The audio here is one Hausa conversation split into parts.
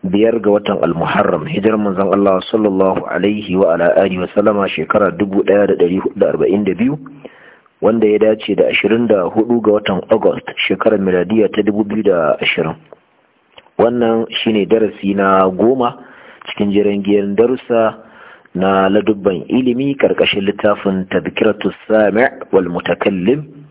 biyar ga watan al-muharram hijirar manzon Allah sallallahu alaihi wa ala alihi wa sallama shekara 1442 wanda ya dace da 24 ga watan August shekarar miladiya ta 2020 wannan shine darasi na goma cikin jirangiyar darussa na ladubban ilimi karkashin littafin tadhkiratu sami' wal mutakallim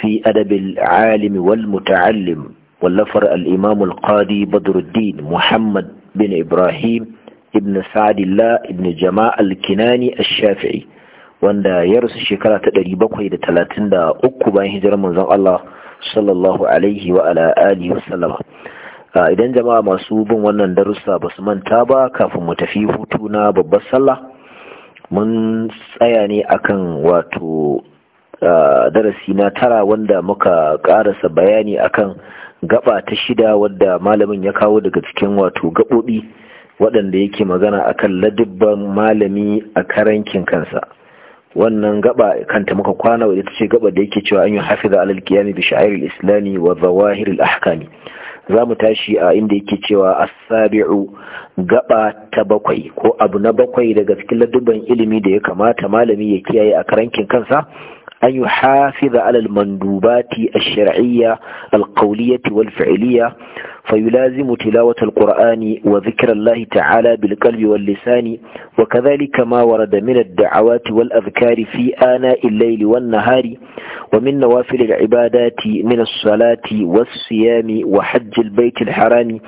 fi adabil alimi wal muta'allim wallafar al'imamu al-qadi badruddin muhammad bin ibrahim ibn sa'adillah ibn jama'a al-kinani al-shafi'i wanda ya rasu shekara ta 733 bayan hijirar manzon Allah sallallahu alaihi wa ala alihi ah, idan jama'a masu bin wannan darussa ba su manta ba kafin mu tafi hutu na babbar sallah mun tsaya ne akan wato ah, darasi na tara wanda muka karasa bayani akan gaba ta shida wadda malamin ya kawo daga cikin wato gaɓoɓi waɗanda yake magana akan ladubban malami a karankin kansa wannan gaba kanta muka kwana wadda ta ce gaba da yake cewa an yi hafiza alal qiyami bi sha'iril islami wa zawahiril ahkami za mu tashi a inda yake cewa asabi'u sabiu gaba ta bakwai ko abu na bakwai daga cikin ladubban ilimi da ya kamata malami ya kiyaye a karankin kansa أن يحافظ على المندوبات الشرعية القولية والفعلية فيلازم تلاوة القرآن وذكر الله تعالى بالقلب واللسان وكذلك ما ورد من الدعوات والأذكار في آناء الليل والنهار ومن نوافل العبادات من الصلاة والصيام وحج البيت الحرام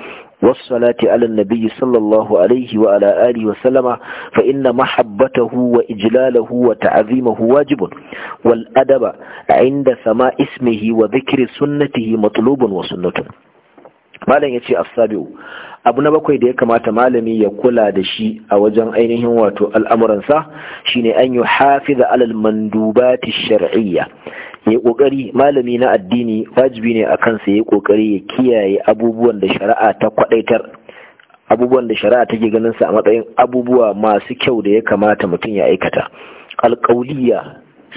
والصلاة على النبي صلى الله عليه وعلى آله وسلم فإن محبته وإجلاله وتعظيمه واجب والأدب عند سماء اسمه وذكر سنته مطلوب وسنة مالا يتي السابع abu na bakwai da ya kamata malami ya kula da shi a wajen ainihin wato al'amuransa shine an yi hafi ya kokari malami na addini wajibi ne a kansa ya kokari ya kiyaye abubuwan da shari'a ta kwadaitar abubuwan da shari'a take ganin sa a matsayin abubuwa masu kyau da ya kamata mutum ya aikata alƙauliya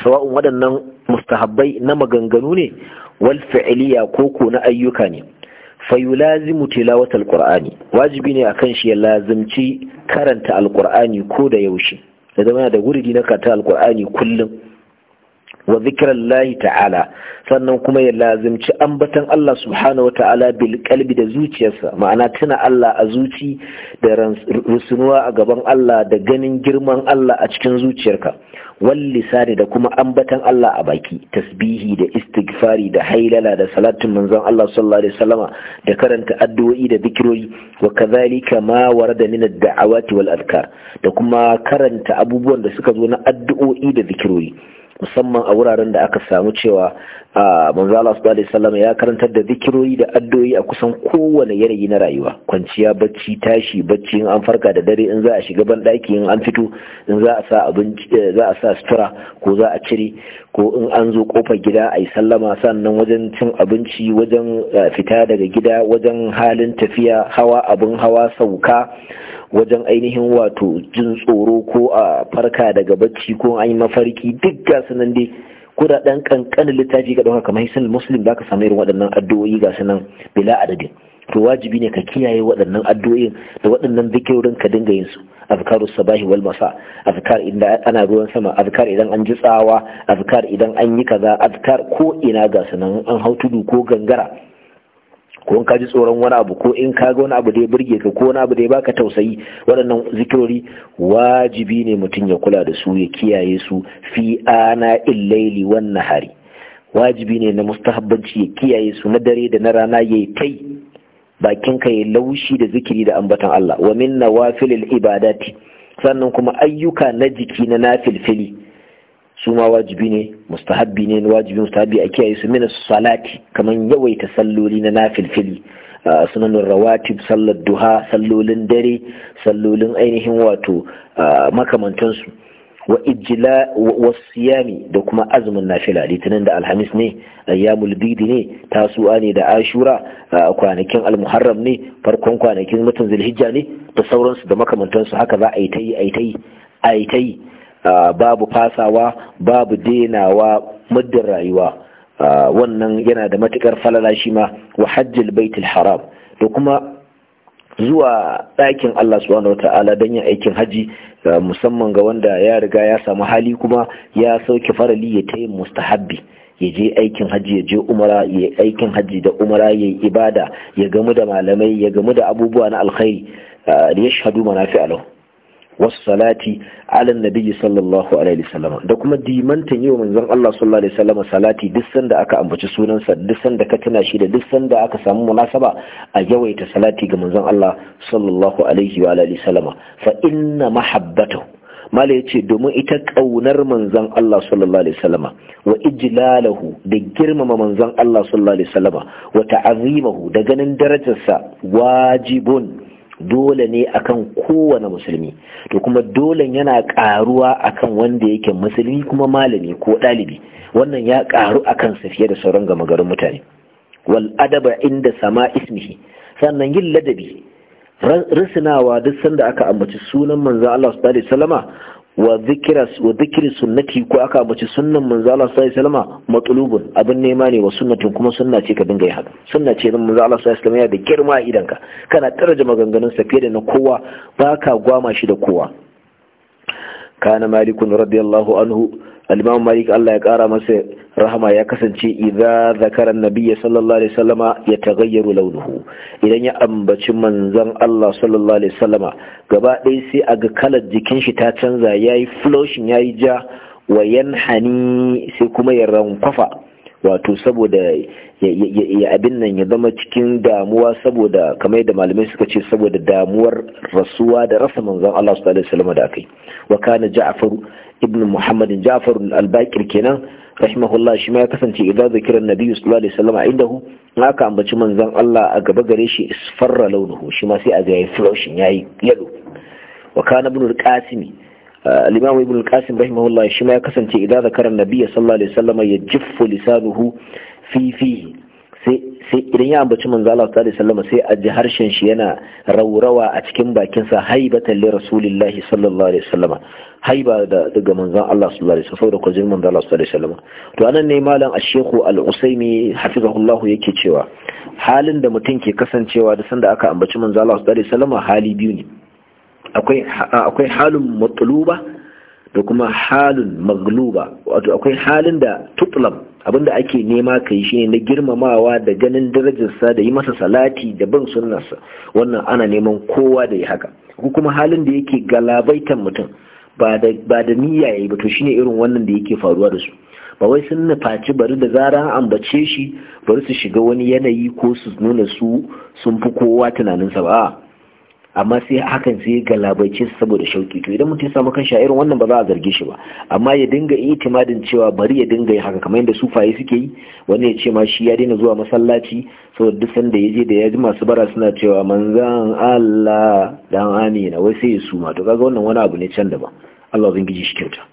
sawa'un waɗannan mustahabbai na maganganu ne wal fi'liya koko na ayyuka ne fayulazimu tilawatal qur'ani wajibi ne akan shi ya lazimci karanta alqur'ani ko da yaushe da zama da guridi na karanta alqur'ani kullum wa zikirallahi ta'ala sannan kuma ya lazimci ambatan Allah subhanahu wa ta'ala bil kalbi da zuciyarsa ma'ana tuna Allah a zuci da rusunuwa a gaban Allah da ganin girman Allah a cikin zuciyarka wal lisani da kuma ambatan Allah a baki tasbihi da istighfari da hailala da salatin manzon Allah sallallahu alaihi wasallama da karanta addu'o'i da zikirori wa kadhalika ma warada min ad-da'awati wal adkar da kuma karanta abubuwan da suka zo na addu'o'i da zikirori musamman a wuraren da aka samu cewa a manzala su ya karantar da zikiroyi da addu'o'i a kusan kowane yanayi na rayuwa kwanciya bacci tashi bacci in an farka da dare in za a shiga ban ɗaki in an fito in za a sa eh, za a sa sutura ko za a cire ko in an zo kofar gida a yi sallama sannan wajen cin abinci wajen eh, fita daga gida wajen halin tafiya hawa abin hawa sauka wajen ainihin wato jin tsoro ko a farka daga bacci ko an yi mafarki duk ga nan dai ko da littafi ga ɗauka kamar hisan muslim za ka samu irin waɗannan addu'o'i ga nan bila adadin to wajibi ne ka kiyaye waɗannan addu'o'in da waɗannan zikirin ka dinga yin su azkarus sabahi wal masa azkar idan ana ruwan sama azkar idan an ji tsawa azkar idan an yi kaza azkar ko ina ga nan an hau tudu ko gangara ko in ka ji tsoron wani abu ko in ka ga wani abu da ya burge ka ko wani abu da ya baka tausayi waɗannan zikirori wajibi ne mutum ya kula da su ya kiyaye su fi ana illaili wannan hari wajibi ne na mustahabbanci ya kiyaye su na dare da na rana yayi kai bakin ka ya laushi da zikiri da ambatan Allah wa min nawafilil ibadati sannan kuma ayyuka na jiki na nafilfili su ma wajibi ne mustahabbi ne wajibi mustahabbi a kiyaye su mina salati kaman yawaita salloli na nafilfili sunanin rawatib sallar duha sallolin dare sallolin ainihin wato makamantansu wa ijila wa siyami da kuma azumin nafila litinin da alhamis ne ayyamul bidi ne tasu'a ne da ashura kwanakin almuharram ne farkon kwanakin mutum zulhijja ne da sauransu da makamantansu haka za a yi ta yi a yi ta yi a yi ta yi babu fasawa babu denawa muddin rayuwa wannan yana da matukar falala shi ma wa hajjil baitul haram da kuma zuwa ɗakin Allah subhanahu wata'ala don yin aikin haji musamman ga wanda ya riga ya samu hali kuma ya sauke farali ya ta yin mustahabbi ya je aikin hajji ya je umara ya aikin hajji da umara ya ibada ya gamu da malamai ya gamu da abubuwa na alkhairi ya shahadu manafi alau salati ala nabiyyi sallallahu alaihi wasallam da kuma dimantan yau manzon Allah sallallahu alaihi wasallam salati duk sanda aka ambaci sunansa duk sanda ka tuna shi da duk sanda aka samu munasaba a yawaita salati ga manzon Allah sallallahu alaihi wa alihi wasallam fa inna mahabbatu mala yace domin ita kaunar manzon Allah sallallahu alaihi wasallam wa ijlalahu da girmama manzon Allah sallallahu alaihi wasallam wa ta'azimahu da ganin darajarsa wajibun dole ne akan kowane musulmi to kuma dole yana karuwa akan wanda yake musulmi kuma malami ko ɗalibi wannan ya karu akan sa fiye da sauran gama garin mutane wal adaba inda sama ismihi sannan yin ladabi risinawa duk sanda aka ambaci sunan manzo Allah sallallahu alaihi wasallama wa zikiri sunnati ko aka bace sunnan manzo Allah sallallahu alaihi wasallam matlubun abin nema ne wa sunnatin kuma sunna ce ka dinga yi haka sunna ce nan manzo Allah sallallahu alaihi wasallam ya da girma a ka? kana tarje maganganun sa fiye da na kowa baka gwama shi da kowa kana malikun radiyallahu anhu alimamu malik Allah ya kara masa rahama ya kasance idza zakara nabiyya sallallahu alaihi wasallama yataghayyaru launuhu idan ya ambaci manzon Allah sallallahu alaihi wasallama gaba ɗaya sai aga kalar jikin shi ta canza yayi flushing yayi ja wa yanhani sai kuma ya rankwafa wato saboda ya abin nan ya zama cikin damuwa saboda kamar da malamai suka ce saboda damuwar rasuwa da rasa manzon Allah su alaihi salama da akai wa kana Ja'far ibn Muhammad Ja'far al-Baqir kenan rahimahullah shi ma ya kasance idza zikira nabiyyu sallallahu alaihi wasallam indahu haka ambaci manzon Allah a gaba gare shi isfarra launuhu shi ma sai a ga yayi yalo wa kana ibn al-imam ibn al-qasim rahimahullah shi ma ya kasance idan zakara nabi sallallahu alaihi wasallam ya jiffu lisanuhu fi fihi sai idan ya ambaci manzo Allah sallallahu alaihi wasallam sai a ji harshen shi yana raurawa a cikin bakin sa haibatan li rasulillahi sallallahu alaihi wasallam haiba daga manzon Allah sallallahu alaihi wasallam saboda kwajin manzo Allah sallallahu alaihi wasallam to anan ne malam ash-shaykh al-usaimi hafizahullah yake cewa halin da mutum ke kasancewa da sanda aka ambaci manzo Allah sallallahu alaihi wasallam hali biyu ne akwai halin matluba da kuma halin magluba wato akwai halin da tutulam abinda ake nema ka yi shine na girmamawa da ganin darajarsa da yi masa salati da bin sunnarsa wannan ana neman kowa da ya haka ko kuma halin da yake galabaitan mutum ba da niyya yi ba to shine irin wannan da yake faruwa da su ba wai sun nufaci bari da zara an ambace shi bari su shiga wani yanayi ko su nuna su sun fi kowa tunaninsa ba amma sai hakan sai galabaice saboda shauki to idan mutum ya samu kan a irin wannan ba za a zarge shi ba amma ya dinga itimadin cewa bari ya dinga yi haka kamar yadda sufaye suke yi wani ya ce ma shi ya daina zuwa masallaci saboda duk sanda ya je da ya ji masu bara suna cewa manzan Allah dan amina wai sai ya suma to kaga wannan wani abu ne can daban Allah ubangiji shi kyauta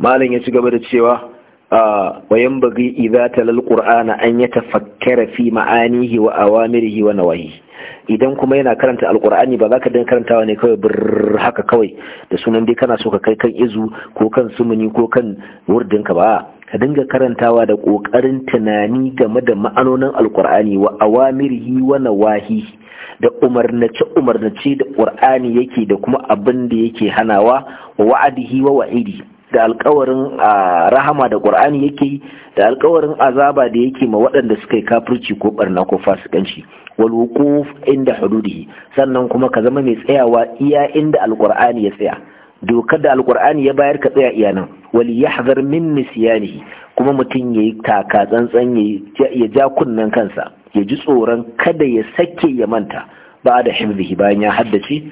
malam ya ci gaba da cewa wa bagi idza talal qur'ana an yatafakkara fi ma'anihi wa awamirihi wa nawahi idan kuma yana karanta alqur'ani ba za ka dinga karantawa ne kawai bir haka kawai da sunan dai kana so ka kai kan izu ko kan sumuni ko kan wurdinka ba ka dinga karantawa da ƙoƙarin tunani game da ma'anonin alƙur'ani wa awamirihi wa nawahi da umarnace umarnace da ƙur'ani yake da kuma abin da yake hanawa wa wa'adihi wa wa'idi da alkawarin rahama da qur'ani yake yi da alkawarin azaba da yake ma waɗanda suka yi kafirci ko barna ko fasikanci wal wuquf inda hududihi sannan kuma ka zama mai tsayawa iya inda alqur'ani ya tsaya dokar da alqur'ani ya bayar ka tsaya iya nan wal yahzar min nisyanihi kuma mutum ya yi taka tsantsan ya ja kunnen kansa ya ji tsoron kada ya sake ya manta ba da hifzihi bayan ya haddace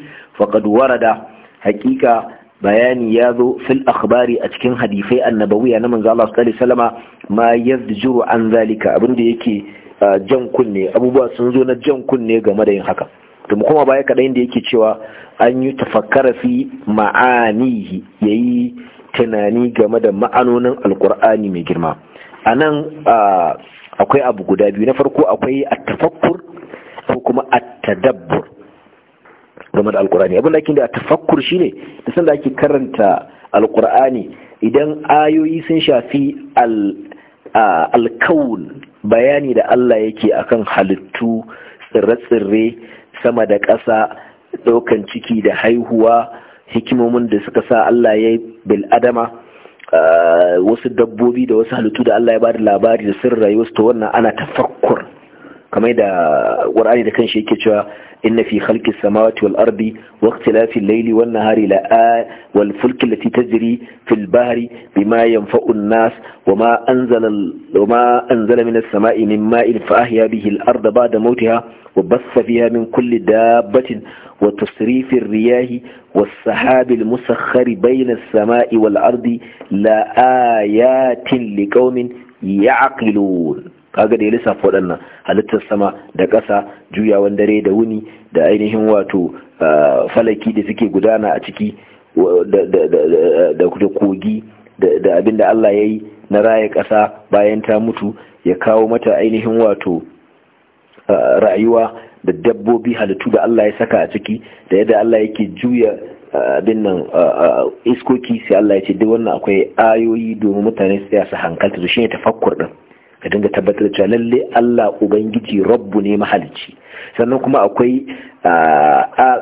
faqad warada haƙiƙa bayani ya zo fil akhbari a cikin hadisai annabawiya na manzo Allah sallallahu alaihi wasallama ma yazjuru an zalika abinda yake jan kunne abubuwa sun zo na jan kunne game da yin haka to mu kuma baya kaɗai da yake cewa an yi tafakkara fi ma'anihi yayi tunani game da ma'anonin alqur'ani mai girma anan akwai abu guda biyu na farko akwai at-tafakkur ko kuma at-tadabbur game da alkur'ani abin da ake da tafakkur shine da sanda ake karanta alkur'ani idan ayoyi sun shafi alkaun bayani da Allah yake akan halittu tsirre-tsirre sama da ƙasa ɗaukan ciki da haihuwa hikimomin da suka sa Allah ya yi bil'adama wasu dabbobi da wasu halittu da Allah ya ba da labari da sirrayi wasu to wannan ana tafakkur كما إذا ورآني إذا كان شيء كتوى إن في خلق السماوات والأرض واختلاف الليل والنهار لا والفلك التي تجري في البحر بما ينفع الناس وما أنزل, وما أنزل من السماء من ماء فأهيا به الأرض بعد موتها وبص فيها من كل دابة وتصريف الرياه والسحاب المسخر بين السماء والأرض لآيات لقوم يعقلون kaga da ya lissafa waɗannan halittar sama da ƙasa juyawan dare da wuni da ainihin wato falaki da suke gudana a ciki da kogi da abin da Allah ya yi na raya ƙasa bayan ta mutu ya kawo mata ainihin wato rayuwa da dabbobi halittu da Allah ya saka a ciki da yadda Allah yake juya abin nan iskoki sai Allah ya ce duk wannan akwai ayoyi domin mutane su tsaya su hankalta su shine tafakkur din ka dinga tabbatar da cewa lalle Allah ubangiji rabbu ne mahalicci sannan kuma akwai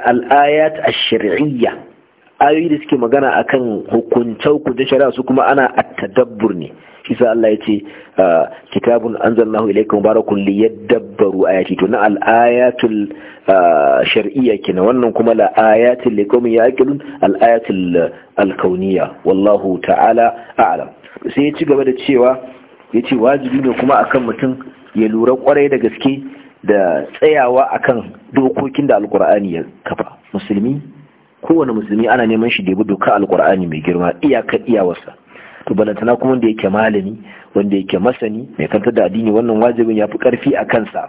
al'ayat ash-shar'iyya ayoyi da suke magana akan ku da shari'a su kuma ana at-tadabbur ne shi sa Allah ce kitabun anzalnahu ilayka mubarakun dabbaru ayati to na al-ayatul shar'iyya kina wannan kuma la ayatul liqawmin yaqilun al-ayatul al-kawniyya wallahu ta'ala a'lam sai ya ci gaba da cewa ya ce wajibi ne kuma akan mutum ya lura kwarai da gaske da tsayawa akan dokokin da alkur'ani ya kafa musulmi kowane musulmi ana neman shi da bi doka alkur'ani mai girma iyaka iyawarsa to balantana kuma wanda yake malami wanda yake masani mai kantar da addini wannan wajibin ya fi karfi a kansa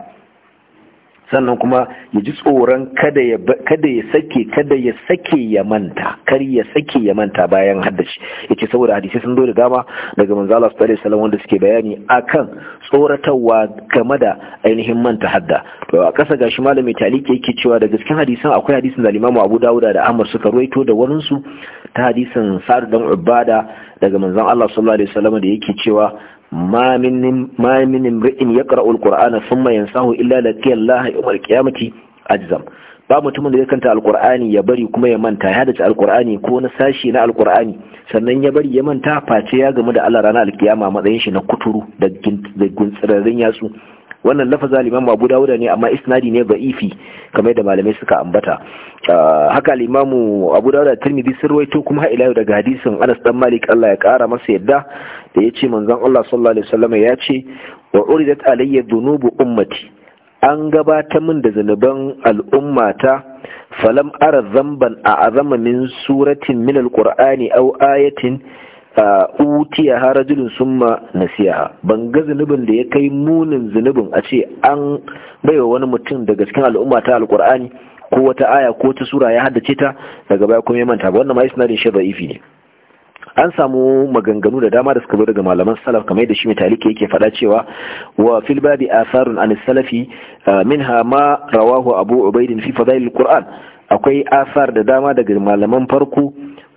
sannan kuma ya ji tsoron kada ya sake kada ya sake ya manta kar ya sake ya manta bayan haddace yace saboda hadisi sun zo da dama daga manzo Allah sallallahu alaihi wanda suke bayani akan tsoratarwa game da ainihin manta hadda to a kasa gashi malami taliki yake cewa daga cikin hadisan akwai hadisan da Imam Abu Dawud da Ahmad suka ruwaito da wurin ta hadisin Sa'd dan Ubada daga manzan Allah sallallahu alaihi wasallam da yake cewa ma min imri'in yaqra'u sun thumma yansahu illa laqiya Allah yawm alqiyamati ajzam ba mutumin da ya kanta alqur'ani ya bari kuma ya manta ya dace alqur'ani ko na sashi na alqur'ani sannan ya bari ya manta face ya gamu da Allah ranar alkiyama matsayin shi na kuturu da guntsirarin yatsu wannan lafaza limamu abu dawuda ne amma isnadi ne ba'ifi kamar da malamai suka ambata ah, haka limamu abu dawuda tirmidhi sun kuma ha ila daga hadisin anas dan malik Allah ya kara masa yadda da ya ce manzan Allah sallallahu alaihi wasallam ya ce wa uridat alayya dhunubu ummati an gabata min da zanuban al'ummata falam ara zamban a azama min suratin min alqur'ani aw ayatin utiya ha rajulun summa nasiha ban ga zunubin da ya kai munin zunubin a ce an baiwa wani mutum daga cikin al'ummata ta alqur'ani ko wata aya ko ta sura ya haddace ta daga baya kuma ya manta ba wannan ma isnadin shar'i ne an samu maganganu da dama da suka zo daga malaman salaf kamar da shi mai talike yake faɗa cewa wa fil babi asarun an salafi minha ma rawahu abu ubaidin fi fadail qur'an akwai asar da dama daga malaman farko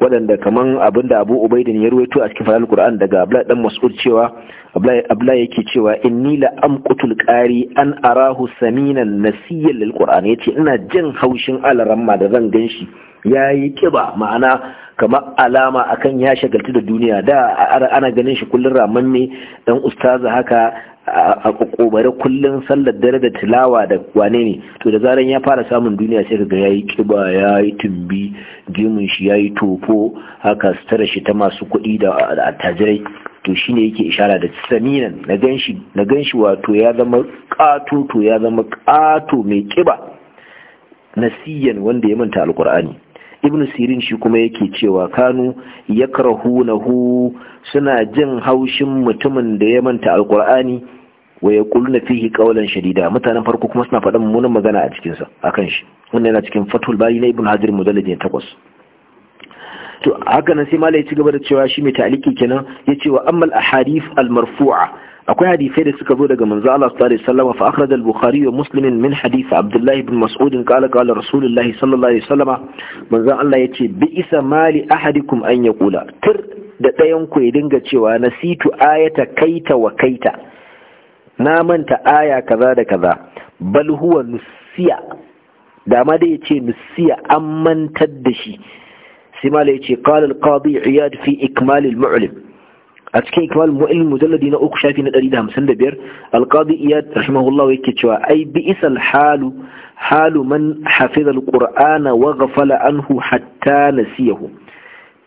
waɗanda kaman abinda abu ubaidin ya ruwaito a cikin fadail qur'an daga abdullahi dan mas'ud cewa abdullahi yake cewa inni la amqutul qari an arahu saminan nasiyyan lil qur'an yace ina jin haushin alaramma da zan ganshi ya yi kiba ma'ana kamar alama akan ya shagaltu da duniya da ana ganin shi kullum ne dan ustaza haka a kokobare kullum sallar dare da tilawa da wane ne to da zaran ya fara samun duniya sai kaga yayi kiba yayi tumbi gemun shi yayi tofo haka stara shi ta masu kuɗi da attajirai to shine yake ishara da saminan na ganshi na wato ya zama ƙato to ya zama kato mai kiba nasiyan wanda ya manta alkur'ani ibn sirin shi kuma yake cewa kanu yakrahunahu suna jin haushin mutumin da ya manta alqur'ani wa yaquluna fihi qawlan shadida mutanen farko kuma suna faɗan munin magana a cikin sa akan shi wannan yana cikin fatul bari na ibn hajar mujallad ne takwas to haka nan sai malai ya ci gaba da cewa shi mai ta'aliki kenan ya ce wa ammal ahadith al marfu'a akwai hadisai da suka zo daga manzo Allah sallallahu alaihi wasallam fa akhraj al-bukhari wa muslim min hadith abdullah ibn mas'ud qala qala rasulullah sallallahu alaihi wasallam manzo Allah yace bi isa mali ahadikum an yaqula tir da dayan ku ya dinga cewa nasitu ayata kaita wa kaita na manta aya kaza da kaza bal huwa nusiya da ma dai yace nusiya an mantar da shi sai mala yace qala al-qadi iyad fi ikmal al-mu'lim a cikin ikmal mu'ilin mujalladi na uku shafi na da hamsin biyar alqadi iyad rahimahullah yake cewa ai bi isal halu halu man hafiza alqur'ana wa ghafala anhu hatta nasiyahu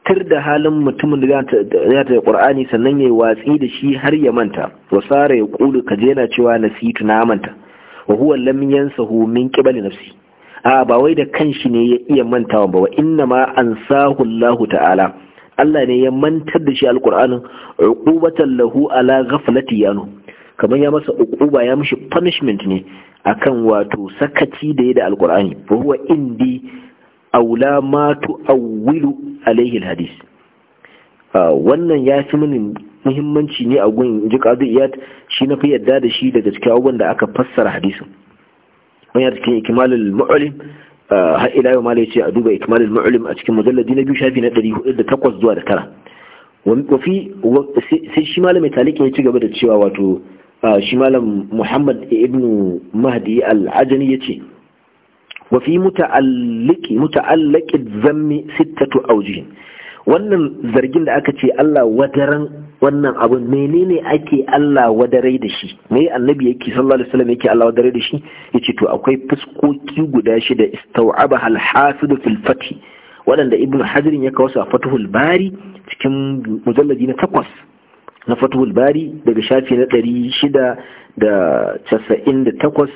tir da halin mutumin da ya ta qur'ani sannan yayi watsi da shi har ya manta wa sara ya ƙulu kaje yana cewa nasitu na manta wa huwa lam yansahu min qibali nafsi a ba wai da kanshi ne ya iya mantawa ba wa inna ma ansahu Allah ta'ala Allah ne ya mantar da shi alƙur'anin uqubatan lahu ala ghaflati yanu kamar ya masa uquba ya mishi punishment ne akan wato sakaci da ya da indi, fa huwa indi aula ma tu'awwilu alaihi alhadis wannan ya fi mini muhimmanci ne a gun ji kadu iyad shi na fi yadda da shi daga cikin abubuwan da aka fassara hadisin wani cikin ikimalul mu'alim har ila yau malai ce a duba ikmalul mu'lim a cikin mujalladi na biyu shafi na 408 zuwa da tara wafi sai shi malam talike ya ci gaba da cewa wato shi malam muhammad ibn mahdi al-ajani yace ce wafi muta'alliqi muta'alliqi zammi sittatu auji wannan zargin da aka ce Allah wadaran wannan mene ne ake Allah wadarai da shi me annabi yake sallallahu alaihi wasallam yake Allah wadarai da shi yace to akwai fuskoki guda shida istaw'aba al hasid fil fath wadanda ibn hajar ya kawo su a fathul bari cikin mujalladi na takwas na fathul bari daga shafi na 698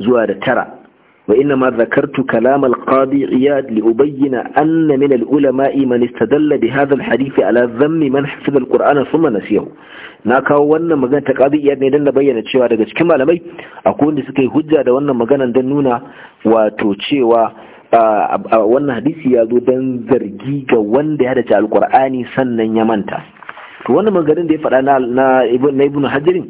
zuwa da tara وإنما ذكرت كلام القاضي عياد لأبين أن من العلماء من استدل بهذا الحديث على ذم من حفظ القرآن ثم نسيه ناكاو wannan magana ta qadi ne dan da bayyana cewa daga cikin malamai akwai wanda suka yi hujja da wannan maganan dan nuna wato cewa wannan hadisi ya zo dan zargi ga wanda ya dace alqur'ani sannan ya manta to wannan maganin da ya faɗa na ibn ibn hajarin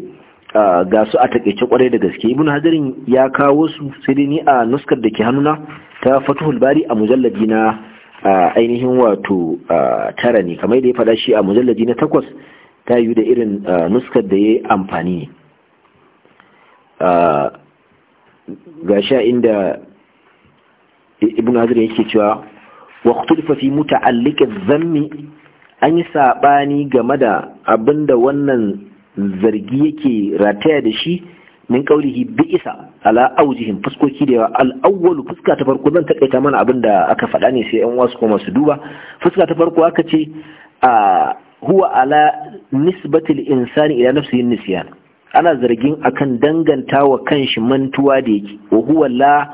ga su a takaice kwarai da gaske ibn hajarin ya kawo su sai ni a nuskar da ke hannuna ta fatuhul bari a mujalladi na ainihin wato tara ne kamar da ya faɗa shi a mujalladi na takwas ta yi da irin nuskar da ya yi amfani ne ga sha inda ibn hajarin yake cewa fafi muta muta'alliqiz zammi an yi saɓani game da abinda wannan zargi yake rataya da shi min kaulihi bi'isa ala aujihin: fuskoki da yawa al fuska ta farko zan takaita mana abin da aka faɗa ne sai yan wasu kuma su duba fuska ta farko aka ce huwa ala nisbatil insani ila nafsihi nisyan ana zargin akan danganta wa kanshi mantuwa da yake wa huwa la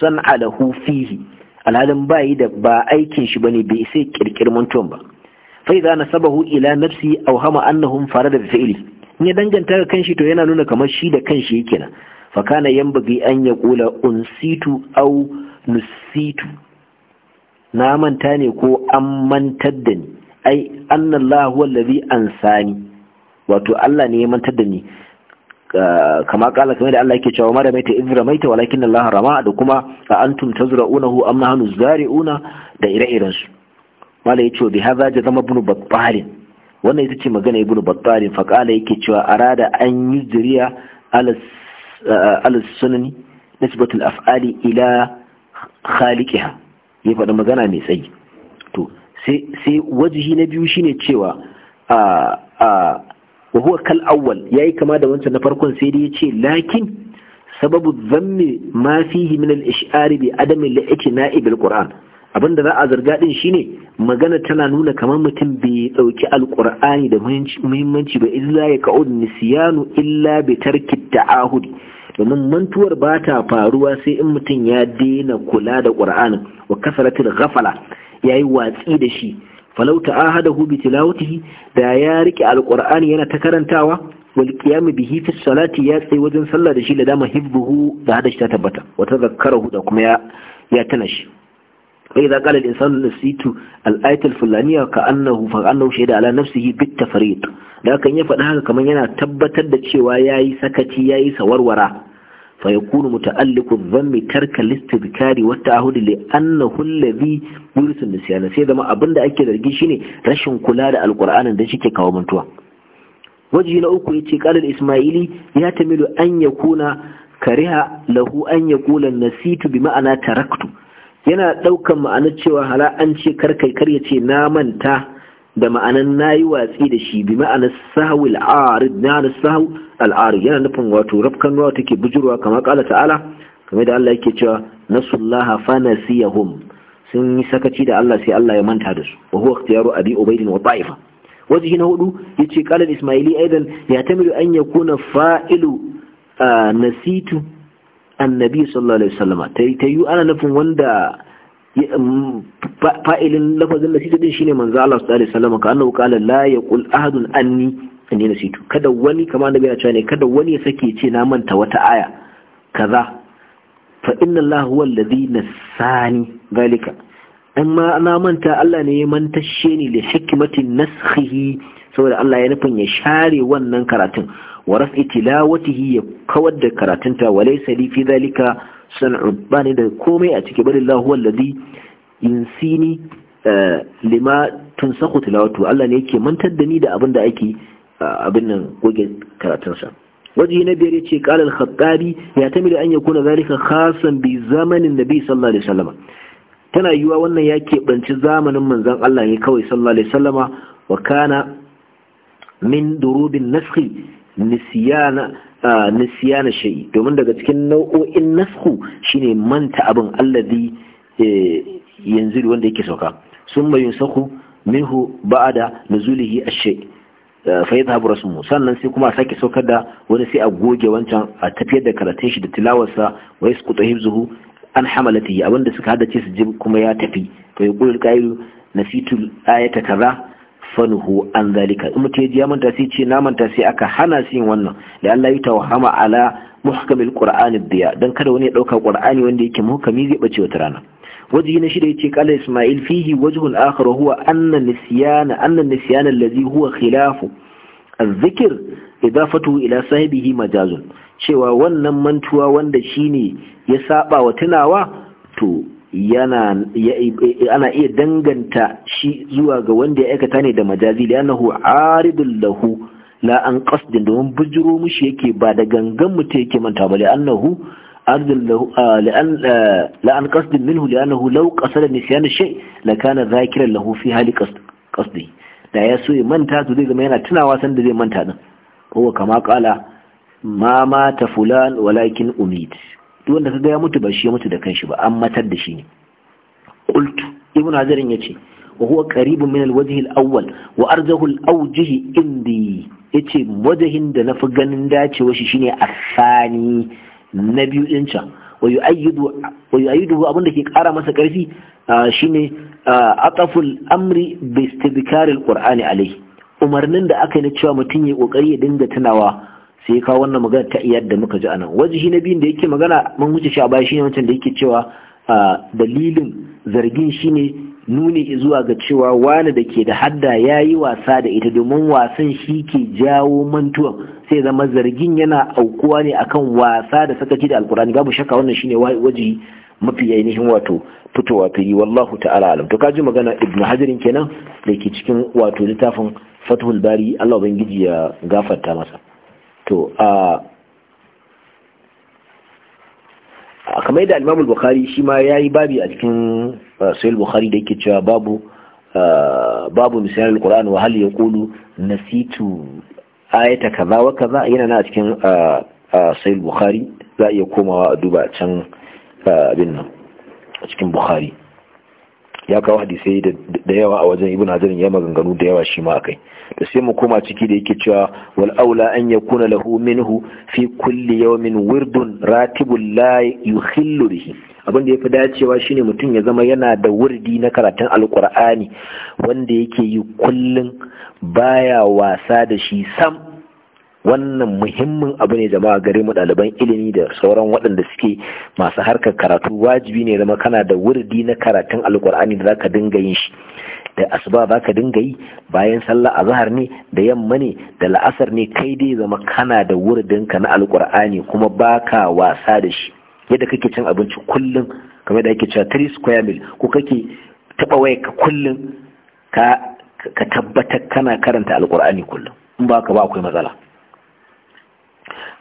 san'a lahu fihi alhalin bayi da ba aikin shi bane bai sai kirkir tuwon ba fa idza nasabahu ila nafsi awhama annahum farada bi fi'li in ya danganta ga kanshi to yana nuna kamar shi da kanshi yake nan fakana yan bugi an kula unsitu au nusitu na manta ne ko an mantar da ni ai annallahu huwa allazi ansani wato Allah ne ya mantar da ni kama kala kamar da Allah yake cewa mara maita izra maita walakin Allah rama da kuma a antum tazra'unahu am nahnu zari'una da ire-iren su mala yace bi hadha jazama ibn battal wannan ita ce magana ibnu battalin faƙala yake cewa arada an yi zuriya alas eh, sunani nisbatul af'ali ila khaliqiha ya faɗi magana mai tsayi to sai wajihi na biyu shine cewa a a wa huwa kal awwal yayi kama da wancan na farkon sai dai yace lakin sababu dhammi ma fihi min al-ish'ari bi adami al-i'tina'i bil qur'an abin da za a zarga din shine magana tana nuna kamar mutum bai dauki alqur'ani da muhimmanci ba illa ya ka'ud nisyanu illa bai tarki ta'ahudi domin mantuwar ba ta faruwa sai in mutum ya daina kula da qur'anin wa kasratil ya yi watsi da shi Falauta ta'ahadahu bi tilawatihi da ya rike alqur'ani yana ta karantawa wal qiyam bihi salati ya tsaye wajen sallah da shi da dama hibbuhu da hada shi ta tabbata Wata zakkara da kuma ya ya tana shi فإذا قال الإنسان نسيت الآية الفلانية كأنه فأنه شهد على نفسه بالتفريط لكن يفعل هذا كما ينا تبتد تشوى ياي سكتي ياي سورورا فيكون متألق الذنب ترك الاستذكار والتعهد لأنه الذي يورث النسيان سيدا ما أبند أكيد الجيشيني رشن كلاد القرآن دا شكي كومنتوا وجه لأوكو يتي قال الإسماعيلي يتمل أن يكون كره له أن يقول النسيت بمعنى تركته yana ɗaukan ma'anar cewa hala an ce karkai kar ya ce na manta da ma'anan na yi watsi da shi bi ma'anar sahu al'arid na da sahu al'arid yana nufin wato rafkan ruwa take bujurwa kamar kala ta'ala kamar da Allah yake cewa nasullaha fa sun yi sakaci da Allah sai Allah ya manta da su wa huwa ikhtiyaru abi ubayd wa ta'ifa wajihi na hudu yace qala ismaili aidan ya tamilu an yakuna fa'ilu ah, nasitu annabi sallallahu alaihi wasallama ta yi ana nufin wanda mm, fa'ilin lafazin nasitu din shine manzo Allah sallallahu alaihi wasallam ka annahu qala la yaqul ahadun anni anni nasitu kada wani kamar annabi ya ce ne kada wani ya sake ce na manta wata aya kaza fa inna Allah huwa alladhi nasani zalika amma na manta Allah ne ya mantashe ni li hikmatin naskhihi saboda Allah ya nufin ya share wannan karatun wa raf'i tilawatihi ya kawar da karatunta wa laysa li fi dhalika san'u bani da komai a ciki balillahu wallazi insini eh, lima tunsakhu tilawatu Allah ne yake mantar da ni da abin da ake eh, abin nan goge karatunsa waje na biyar yace qala al-khattabi ya tamilu an yakuna zalika khasan bi zamanin nabi sallallahu alaihi wasallam tana yiwa wannan ya keɓanci zamanin manzon Allah ne kawai sallallahu alaihi wasallama wa kana min durubin naskhi nisiyana nisiyana shay'i domin daga cikin nau'o'in nasku shine manta abin allazi e, yanzu wanda yake sauka summa yunsaku minhu ba'ada nuzulihi ash-shay' e, fa yadhhabu sannan sai kuma a sake saukar da wani sai a goge wancan a tafiyar da karatun shi da tilawarsa wa yasqutu hifzuhu an hamalatihi abinda suka hada ce su ji kuma ya tafi fa yaqulu al na nasitu ayata kaza Fanuhu an zalika in mutum ya manta sai ce na manta sai aka hana su yin wannan da Allah ya tawhama ala muhkamil qur'ani diya dan kada wani ya dauka qur'ani wanda yake muhkami zai bace wata rana wajihi na shida yace qala isma'il fihi wajhun akhar huwa anna nisyana anna nisyana allazi huwa khilafu Azikir, idafatu ila sahibihi majazun cewa wannan mantuwa wanda shine ya saba wa tunawa to ana iya danganta shi zuwa ga wanda ya aikata ne da majazi da aridun lahu la an qasdin domin bujiro mushi yake ba da gangan mutum yake manta ba li'annahu aridun lahu la an qasdin minhu li'annahu law qasada nisyan shay la kana zakiran lahu fi hali qasdi da ya so ya manta to zai zama yana tunawa da zai manta din ko kama kala ma mata walakin umid wanda ka gaya mutu ba shi ya mutu da kanshi ba an matar da shi ne qultu ibnu hazarin yace wa huwa qaribun min al-wajh awwal wa arjahu al-awjih indi yace wajahin da nafi ganin dacewa shi shine asani na biyu din can wa yu'ayyidu abinda ke kara masa karfi shine ataful amri bi istidkar al alayhi umarnin da aka yi na cewa mutum ya kokari ya dinga tunawa sai ka wannan magana ta yadda da muka ji anan wajihi na biyun da yake magana mun wuce shi a baya shine wancan da yake cewa a dalilin zargin shine nuni zuwa ga cewa wani da ke da hadda ya yi wasa da ita domin wasan shi ke jawo mantuwa sai zama zargin yana aukuwa ne akan wasa da sakaci da alkurani babu shakka wannan shine waje mafi ainihin wato fitowa yi wallahu ta'ala alam to kaji magana ibn hajarin kenan da ke cikin wato littafin fatuhul bari Allah ubangiji ya gafarta masa to a kamar yadda Alimamul bukhari shi ma yi babi a cikin uh, sayil bukhari da yake cewa babu uh, babu misalin al-qur'an wa hal yaqulu nasitu ayata kaza wa kaza yana na cikin uh, sayil bukhari za a iya komawa a duba can abin nan a cikin bukhari ya kawo hadisai da yawa a wajen ibn hajarin ya maganganu da yawa shi ma akai da sai mu koma ciki da yake cewa wal aula an yakuna lahu minhu fi kulli yawmin wirdun ratibul la yukhillu bihi abin da yafi dacewa shine mutum ya zama yana da wurdi na karatun alqur'ani wanda yake yi kullun baya wasa da shi sam wannan muhimmin abu ne jama'a gare mu ɗaliban ilimi da sauran waɗanda suke masu harkar karatu wajibi ne zama kana da wurdi na karatun alkur'ani da zaka dinga yin shi da asuba ka dinga yi bayan sallah azhar ne da yamma ne da la'asar ne kai dai zama kana da wurdin ka na alkur'ani kuma baka wasa da shi yadda kake cin abinci kullum kamar da ake cewa three square meal ko kake taba ka kullum ka ka tabbatar kana karanta alƙur'ani kullum in ba ka ba akwai matsala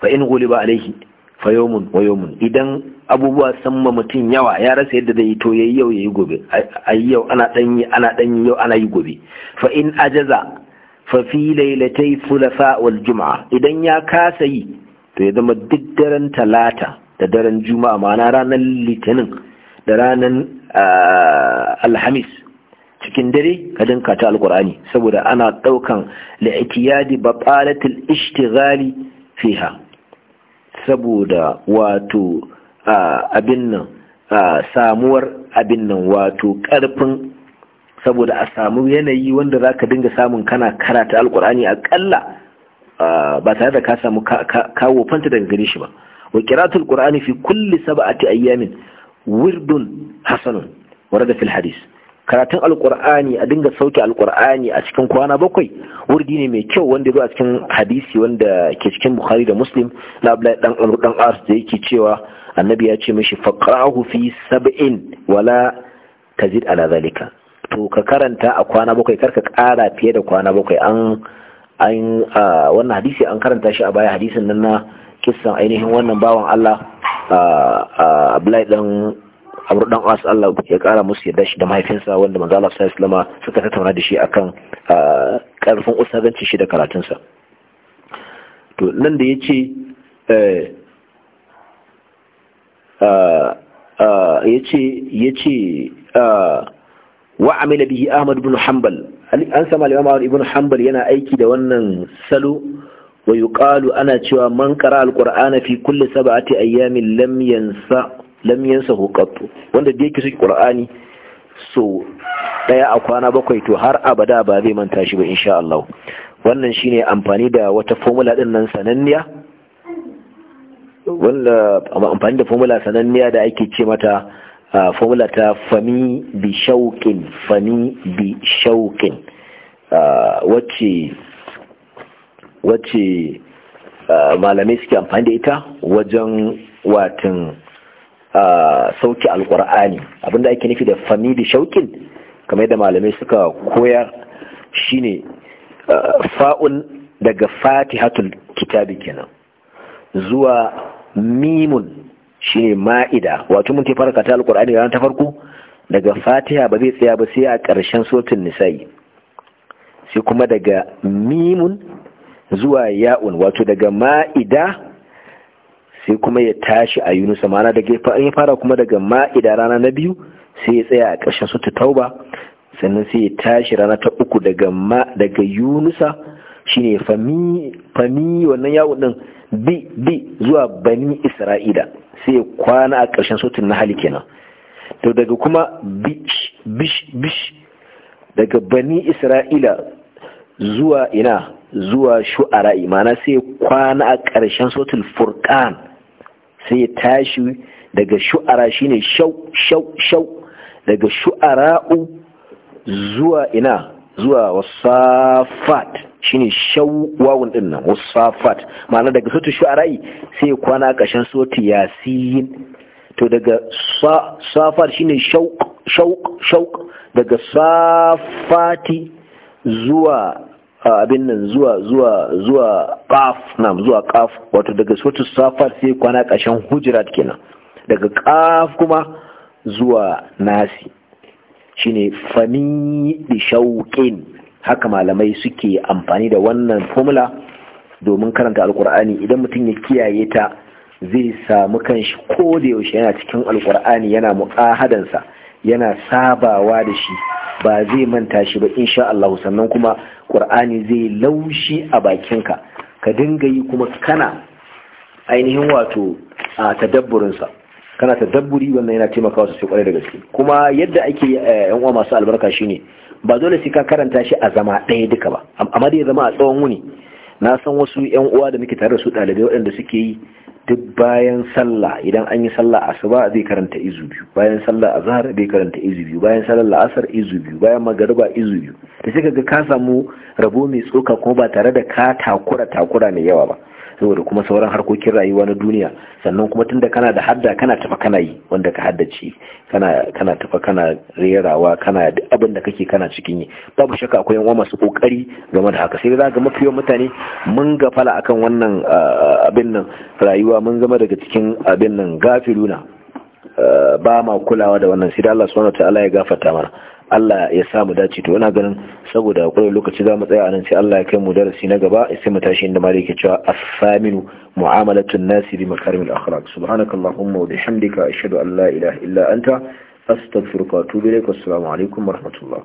fa in ghuliba alaihi fa yawmun wa yawmun idan abubuwa san ma mutum yawa ya rasa yadda zai to yayi yau yayi gobe ayi yau ana dan yi ana dan yi yau ana yi gobe fa in ajaza fa fi lailatai thulatha wal jum'a idan ya kasa yi to ya zama duk daren talata da daren juma'a ma'ana ranar litinin da ranar ah, alhamis cikin dare ka dinka ta alkur'ani saboda ana daukan li'tiyadi batalatil ishtighali fiha saboda wato abin nan samuwar abin nan wato karfin saboda a samu yanayi wanda za ka dinga samun kana karata alkur'ani aƙalla ba tare da ka samu kawo fanta daga gare shi ba wa kiratu alkur'ani fi kulli sab'ati ayyamin wirdun hasanun warada fil hadith karatun alkur'ani a dinga sauke alkur'ani a cikin kwana bakwai wurdi ne mai kyau wanda zuwa cikin hadisi wanda ke cikin bukhari da muslim na abdullahi dan dan as da yake cewa annabi ya ce mishi faqrahu fi sab'in wala tazid ala zalika to ka karanta a kwana bakwai karka kara fiye da kwana bakwai an wannan hadisi an karanta shi a baya hadisin nan na kisan ainihin wannan bawan Allah Abdullahi dan amru dan asu Allah ya kara musu yadda shi da mahaifinsa wanda manzo Allah sallallahu alaihi suka tattauna da shi akan ah, karfin usaganci shi da karatunsa to nan da yace eh ah, ah, yace yace wa amila bihi Ahmad ibn Hanbal an sama al-Imam Ahmad ibn Hanbal yana aiki da wannan salo wa yuqalu ana cewa man qara al-Qur'ana fi kulli sab'ati ayyamin lam yansa lam yansahu qattu wanda da yake suke qur'ani so daya a kwana bakwai to har abada ba zai manta shi ba insha Allah wannan shine amfani da wata formula din nan sananniya wanda amfani da formula sananniya da ake ce mata formula ta fami bi shauqin fami bi shauqin wacce wacce malamai suke amfani da ita wajen watan sauki alkur'ani abinda ake nufi da Famidi da shauƙin kamar yadda malamai suka koyar shine fa'un daga fatihatul kitabi kenan zuwa mimun shine ma'ida wato mun ta farka ta alkur'ani ran ta farko daga fatiha ba zai tsaya ba sai a ƙarshen Sotin nisa'i sai kuma daga mimun zuwa ya'un wato daga ma'ida sai kuma ya tashi a yunusa mana daga ya fara kuma daga ma'ida rana na biyu sai ya tsaya a ƙarshen su ta tauba sannan sai ya tashi rana ta uku daga yunusa shine fami fami wannan yawon din bi zuwa bani isra'ila sai ya kwana a ƙarshen sutun na hali kenan to daga kuma bish daga bani isra'ila zuwa ina zuwa shu'arai mana sai ya kwana a ƙarshen sotun furkan sai ya tashi daga shu'ara shine shau shau shau daga shu'ara'u zuwa ina zuwa wasafat shine shau wawun din nan wasafat ma'ana daga sautu shu'ara'i sai ya kwana kashin sautu yasin to daga safar shine shau shauq shauq daga safati zuwa abin nan zuwa zuwa zuwa qaf na zuwa qaf wato daga sautu safar sai kwana kashin hujrat kenan daga qaf kuma zuwa nasi shine fami bi shauqin haka malamai suke amfani da wannan formula domin karanta Alƙur'ani, idan mutum ya kiyaye ta zai samu kanshi ko da yaushe yana cikin alkur'ani yana muqahadansa yana sabawa da shi ba zai manta shi ba insha Allah sannan kuma Qur'ani zai laushi a bakinka ka dinga yi kuma kana ainihin wato a tadabburinsa kana tadabburi wannan yana taimakawa sosai kwarai da gaske kuma yadda ake eh, yan uwa masu albarka shine ba dole sai ka karanta shi a zama ɗaya duka ba amma dai zama a tsawon wuni na san wasu yan uwa da muke tare da su ɗalibai waɗanda suke yi duk bayan sallah idan an yi sallah asuba zai karanta izu biyu bayan sallah zahar zai karanta izu biyu bayan sallah la'asar izu biyu bayan magariba izu biyu da sai kaga ka samu rabo mai tsoka ko ba tare da ka takura takura mai yawa ba saboda kuma sauran harkokin rayuwa na duniya sannan kuma tunda kana da hadda kana tafa kana yi wanda ka haddace kana kana tafa kana rerawa kana duk abin da kake kana cikin yi babu shakka akwai yan masu kokari game da haka sai za ga mafi yawan mutane mun gafala akan wannan abin nan rayuwa mun zama daga cikin abin nan gafiluna ba ma kulawa da wannan sai da Allah subhanahu wataala ya gafarta mana Allah ya sa mu dace to ina ganin saboda akwai lokaci za mu tsaya anan sai Allah ya kai mu darasi na gaba sai mu tashi inda mali yake cewa as-saminu mu'amalatu an-nasi bi makarimil akhlaq subhanakallahumma wa bihamdika ashhadu an la ilaha illa anta astaghfiruka wa atubu ilaik assalamu alaikum wa rahmatullah